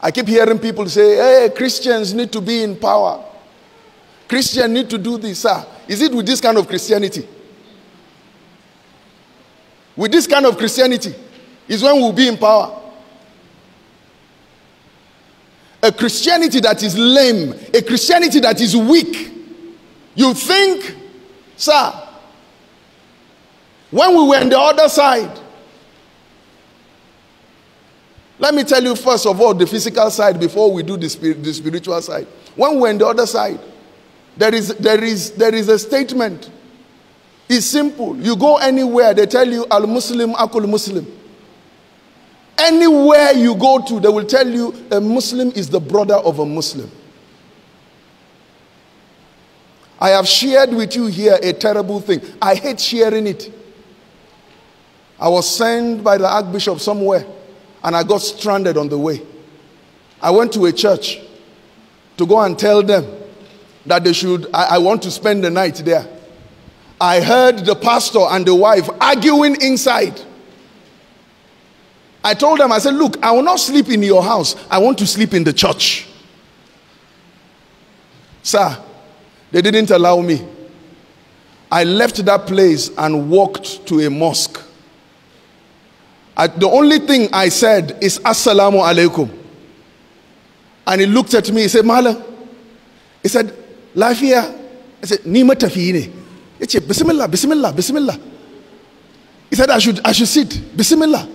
I keep hearing people say, hey, Christians need to be in power. Christians need to do this, sir. Is it with this kind of Christianity? With this kind of Christianity is when we'll be in power. A Christianity that is lame, a Christianity that is weak. You think, sir, when we were on the other side, let me tell you first of all the physical side before we do the, spirit, the spiritual side. When we're on the other side, there is, there is, there is a statement. It's simple. You go anywhere, they tell you Al Muslim, Akul Muslim. Anywhere you go to, they will tell you a Muslim is the brother of a Muslim. I have shared with you here a terrible thing. I hate sharing it. I was sent by the Archbishop somewhere and I got stranded on the way. I went to a church to go and tell them that they should, I, I want to spend the night there. I heard the pastor and the wife arguing inside. I told them, I said, Look, I will not sleep in your house. I want to sleep in the church. Sir, they didn't allow me. I left that place and walked to a mosque. I, the only thing I said is Assalamu alaikum. And he looked at me, he said, Mala. He said, here." I said, Ni matafi ne. He said, Bismillah, Bismillah, Bismillah. He said, I should, I should sit. Bismillah.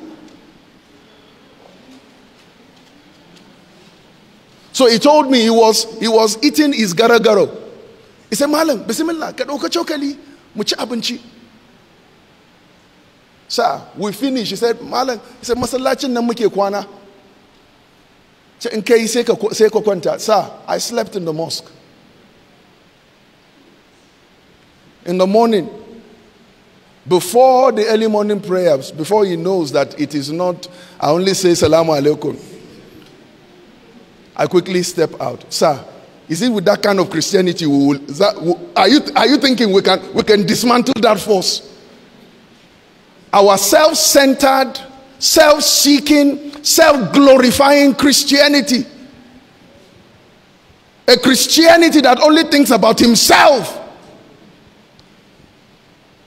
So he told me he was, he was eating his garagaro. He said, Malam, Bismillah, Get ɗauka mucha abunchi. Sir, we finish. He said, Malam, he said, masallacin nan muke kwana. Ce in kai sai kwanta. Sir, I slept in the mosque. In the morning, before the early morning prayers, before he knows that it is not, I only say salamu alaikum. I quickly step out. Sir, is it with that kind of Christianity we will, that, are, you, are you thinking we can, we can dismantle that force? our self centered, self seeking, self glorifying Christianity. A Christianity that only thinks about himself